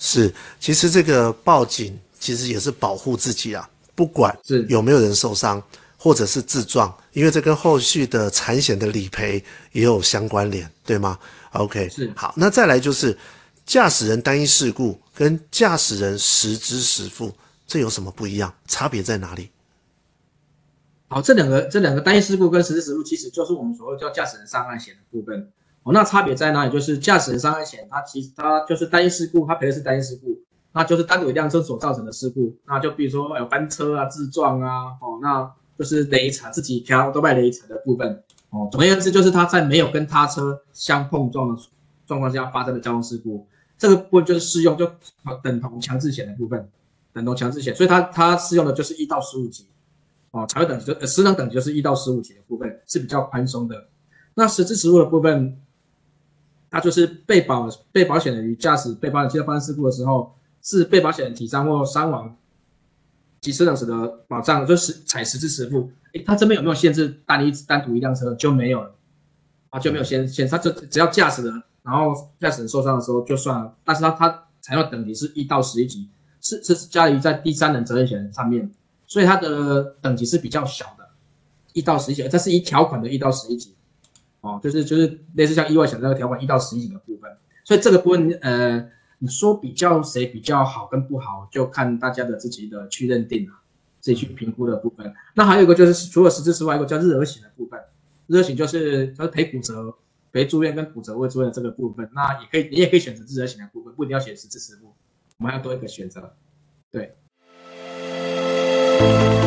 是，其實這個報警其實也是保護自己啊，不管是有沒有人受傷，是或者是自撞，因為這跟後續的產險的理賠也有相關聯，對嗎？OK，是好，那再來就是駕駛人單一事故跟駕駛人實支實付，這有什麼不一樣？差別在哪裡？好，這兩個這兩個單一事故跟實支實付，其實就是我們所謂叫駕駛人傷害險的部分。哦，那差別在哪裡？就是駕駛人傷害險，它其實它就是單一事故，它賠的是單一事故，那就是單獨一輛車所造成的事故，那就比如說有翻車啊、自撞啊，哦，那就是雷慘自己挑，都賠雷慘的部分。哦，總而言之，就是它在沒有跟他車相碰撞的狀況下發生的交通事故，這個部分就是適用，就等同強制險的部分，等同強制險，所以它它適用的就是一到十五級，哦，才會等級就失能等級就是一到十五級的部分是比較寬鬆的，那實支實付的部分。它就是被保被保險人與駕駛被保險汽車發生事故的時候，是被保險人體傷或傷亡及車輛損失的保障，就是踩實支實付。誒，它這邊有沒有限制單，單一單獨一輛車就沒有了啊，就沒有限限，它就只要駕駛人，然後駕駛人受傷的時候就算了，但是它它採用等級是一到十一級，是是加於在第三人責任險上面，所以它的等級是比較小的，一到十一級，這是一條款的一到十一級。哦，就是就是類似像意外險這個條款一到十一的部分，所以這個部分，呃，你說比較誰比較好跟不好，就看大家的自己的去認定啊，自己去評估的部分。那還有一個就是除了實支之外，一個叫日額險的部分，日額險就是他是賠骨折、賠住院跟骨折未住院的這個部分，那也可以，你也可以選擇日額險的部分，不一定要選實支實付，我們還要多一個選擇，對。嗯